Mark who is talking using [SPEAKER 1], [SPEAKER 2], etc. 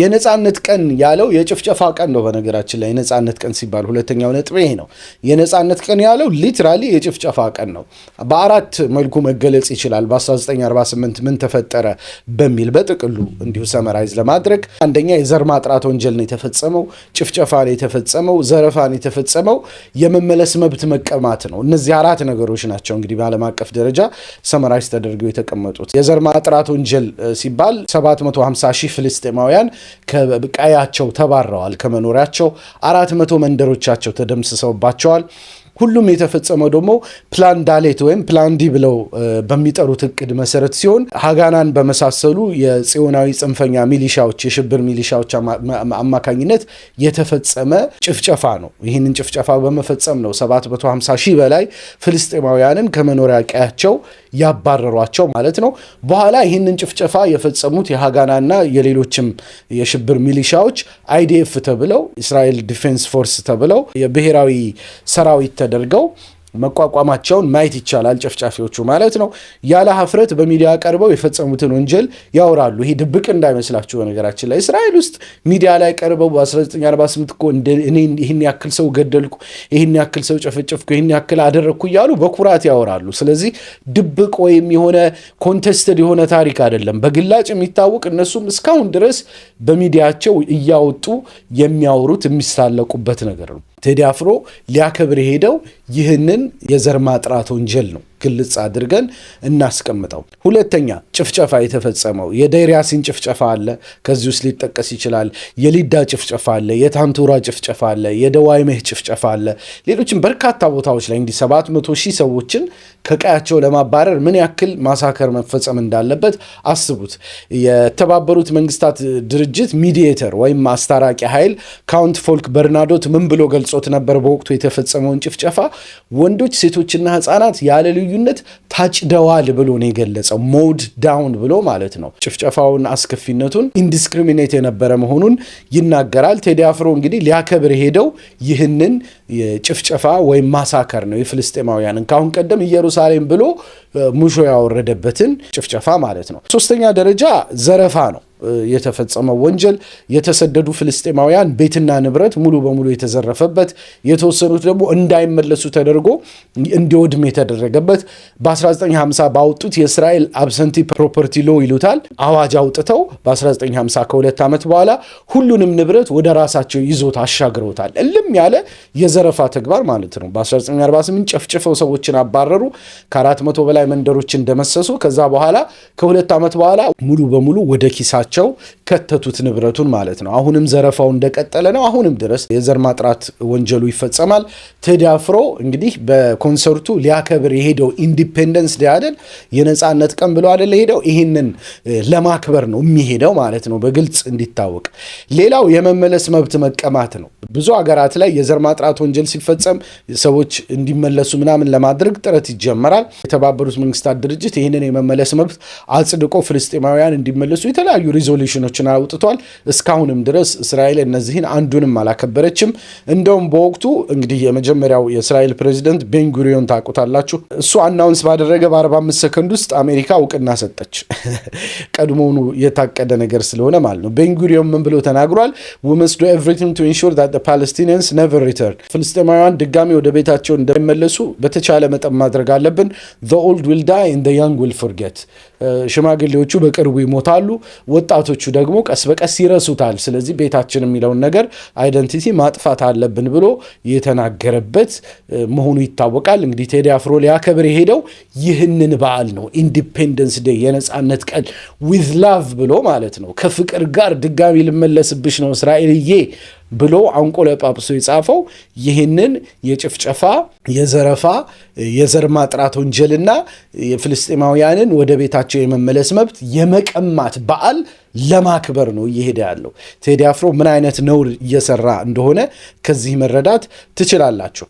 [SPEAKER 1] የነጻነት ቀን ያለው የጭፍጨፋ ቀን ነው። በነገራችን ላይ የነጻነት ቀን ሲባል ሁለተኛው ነጥብ ይሄ ነው። የነጻነት ቀን ያለው ሊትራሊ የጭፍጨፋ ቀን ነው። በአራት መልኩ መገለጽ ይችላል። በ1948 ምን ተፈጠረ በሚል በጥቅሉ እንዲሁ ሰመራይዝ ለማድረግ አንደኛ የዘር ማጥራት ወንጀል ነው የተፈጸመው፣ ጭፍጨፋ ነው የተፈጸመው፣ ዘረፋ ነው የተፈጸመው፣ የመመለስ መብት መቀማት ነው። እነዚህ አራት ነገሮች ናቸው እንግዲህ በዓለም አቀፍ ደረጃ ሰመራይዝ ተደርገው የተቀመጡት። የዘር ማጥራት ወንጀል ሲባል 750 ሺህ ፍልስጤማውያን ከቀያቸው ተባረዋል። ከመኖሪያቸው አራት መቶ መንደሮቻቸው ተደምስሰውባቸዋል። ሁሉም የተፈጸመው ደግሞ ፕላን ዳሌት ወይም ፕላን ዲ ብለው በሚጠሩት እቅድ መሰረት ሲሆን ሀጋናን በመሳሰሉ የጽዮናዊ ጽንፈኛ ሚሊሻዎች፣ የሽብር ሚሊሻዎች አማካኝነት የተፈጸመ ጭፍጨፋ ነው። ይህንን ጭፍጨፋ በመፈጸም ነው 750 ሺህ በላይ ፍልስጤማውያንን ከመኖሪያ ቀያቸው ያባረሯቸው ማለት ነው። በኋላ ይህንን ጭፍጨፋ የፈጸሙት የሃጋናና የሌሎችም የሽብር ሚሊሻዎች አይዲኤፍ ተብለው እስራኤል ዲፌንስ ፎርስ ተብለው የብሔራዊ ሰራዊት ተደርገው መቋቋማቸውን ማየት ይቻላል። ጨፍጫፊዎቹ ማለት ነው ያለ ሀፍረት በሚዲያ ቀርበው የፈጸሙትን ወንጀል ያወራሉ። ይሄ ድብቅ እንዳይመስላችሁ። በነገራችን ላይ እስራኤል ውስጥ ሚዲያ ላይ ቀርበው በ1948 እኮ ይህን ያክል ሰው ገደልኩ፣ ይህን ያክል ሰው ጨፈጨፍኩ፣ ይህን ያክል አደረግኩ እያሉ በኩራት ያወራሉ። ስለዚህ ድብቅ ወይም የሆነ ኮንቴስትድ የሆነ ታሪክ አይደለም፣ በግላጭ የሚታወቅ እነሱም እስካሁን ድረስ በሚዲያቸው እያወጡ የሚያወሩት የሚሳለቁበት ነገር ነው። ቴዲ አፍሮ ሊያከብር የሄደው ይህንን የዘር ማጥራት ወንጀል ነው። ግልጽ አድርገን እናስቀምጠው። ሁለተኛ ጭፍጨፋ የተፈጸመው የደሪያሲን ጭፍጨፋ አለ፣ ከዚህ ውስጥ ሊጠቀስ ይችላል። የሊዳ ጭፍጨፋ አለ፣ የታንቱራ ጭፍጨፋ አለ፣ የደዋይሜህ ጭፍጨፋ አለ። ሌሎችም በርካታ ቦታዎች ላይ እንዲህ 700 ሺህ ሰዎችን ከቀያቸው ለማባረር ምን ያክል ማሳከር መፈጸም እንዳለበት አስቡት። የተባበሩት መንግስታት ድርጅት ሚዲየተር ወይም አስታራቂ ኃይል ካውንት ፎልክ በርናዶት ምን ብሎ ገልጾት ነበር? በወቅቱ የተፈጸመውን ጭፍጨፋ ወንዶች ሴቶችና ህጻናት ያለልዩ ልዩነት ታጭደዋል ብሎ ነው የገለጸው። ሞድ ዳውን ብሎ ማለት ነው። ጭፍጨፋውን አስከፊነቱን ኢንዲስክሪሚኔት የነበረ መሆኑን ይናገራል። ቴዲ አፍሮ እንግዲህ ሊያከብር ሄደው ይህንን ጭፍጨፋ ወይም ማሳከር ነው የፍልስጤማውያንን ከአሁን ቀደም ኢየሩሳሌም ብሎ ሙሾ ያወረደበትን ጭፍጨፋ ማለት ነው። ሶስተኛ ደረጃ ዘረፋ ነው። የተፈጸመው ወንጀል የተሰደዱ ፍልስጤማውያን ቤትና ንብረት ሙሉ በሙሉ የተዘረፈበት፣ የተወሰኑት ደግሞ እንዳይመለሱ ተደርጎ እንዲወድም የተደረገበት በ1950 ባወጡት የእስራኤል አብሰንቲ ፕሮፐርቲ ሎ ይሉታል አዋጅ አውጥተው በ1950 ከሁለት ዓመት በኋላ ሁሉንም ንብረት ወደ ራሳቸው ይዞታ አሻግረውታል። እልም ያለ የዘረፋ ተግባር ማለት ነው። በ1948 ጨፍጭፈው ሰዎችን አባረሩ። ከ መቶ በላይ መንደሮች እንደመሰሱ ከዛ በኋላ ከሁለት ዓመት በኋላ ሙሉ በሙሉ ወደ ኪሳቸው ናቸው ከተቱት ንብረቱን ማለት ነው። አሁንም ዘረፋው እንደቀጠለ ነው። አሁንም ድረስ የዘር ማጥራት ወንጀሉ ይፈጸማል። ተዳፍሮ እንግዲህ በኮንሰርቱ ሊያከብር የሄደው ኢንዲፔንደንስ ዴይ አይደል የነፃነት ቀን ብሎ አይደል ሄደው ይህንን ለማክበር ነው የሚሄደው ማለት ነው፣ በግልጽ እንዲታወቅ። ሌላው የመመለስ መብት መቀማት ነው። ብዙ ሀገራት ላይ የዘር ማጥራት ወንጀል ሲፈጸም ሰዎች እንዲመለሱ ምናምን ለማድረግ ጥረት ይጀመራል። የተባበሩት መንግስታት ድርጅት ይህንን የመመለስ መብት አጽድቆ ፍልስጤማውያን እንዲመለሱ የተለያዩ ሪዞሉሽኖች ሕጎችን አውጥቷል። እስካሁንም ድረስ እስራኤል እነዚህን አንዱንም አላከበረችም። እንደውም በወቅቱ እንግዲህ የመጀመሪያው የእስራኤል ፕሬዚደንት ቤንጉሪዮን ታውቁታላችሁ። እሱ አናውንስ ባደረገ በ45 ሰከንድ ውስጥ አሜሪካ እውቅና ሰጠች። ቀድሞውኑ የታቀደ ነገር ስለሆነ ማለት ነው። ቤንጉሪዮን ምን ብሎ ተናግሯል? ወመስ ዶ ኤቭሪቲንግ ቱ ኢንሹር ዳት ፓለስቲኒያንስ ነቨር ሪተርን። ፍልስጤማውያን ድጋሚ ወደ ቤታቸው እንደሚመለሱ በተቻለ መጠን ማድረግ አለብን። ዘ ኦልድ ዊል ዳይ ያንግ ዊል ፎርጌት። ሽማግሌዎቹ በቅርቡ ይሞታሉ፣ ወጣቶቹ ደግሞ ቀስ በቀስ ይረሱታል። ስለዚህ ቤታችን የሚለውን ነገር አይደንቲቲ ማጥፋት አለብን ብሎ የተናገረበት መሆኑ ይታወቃል። እንግዲህ ቴዲ አፍሮ ሊያከብር የሄደው ይህንን በዓል ነው። ኢንዲፔንደንስ ዴይ የነፃነት ቀን ዊዝ ላቭ ብሎ ማለት ነው። ከፍቅር ጋር ድጋሚ ልመለስብሽ ነው እስራኤልዬ ብሎ አንቆ ለጳጳሱ የጻፈው ይህንን የጭፍጨፋ የዘረፋ የዘር ማጥራት ወንጀልና የፍልስጤማውያንን ወደ ቤታቸው የመመለስ መብት የመቀማት በዓል ለማክበር ነው እየሄደ ያለው። ቴዲ አፍሮ ምን አይነት ነውር እየሰራ እንደሆነ ከዚህ መረዳት ትችላላችሁ።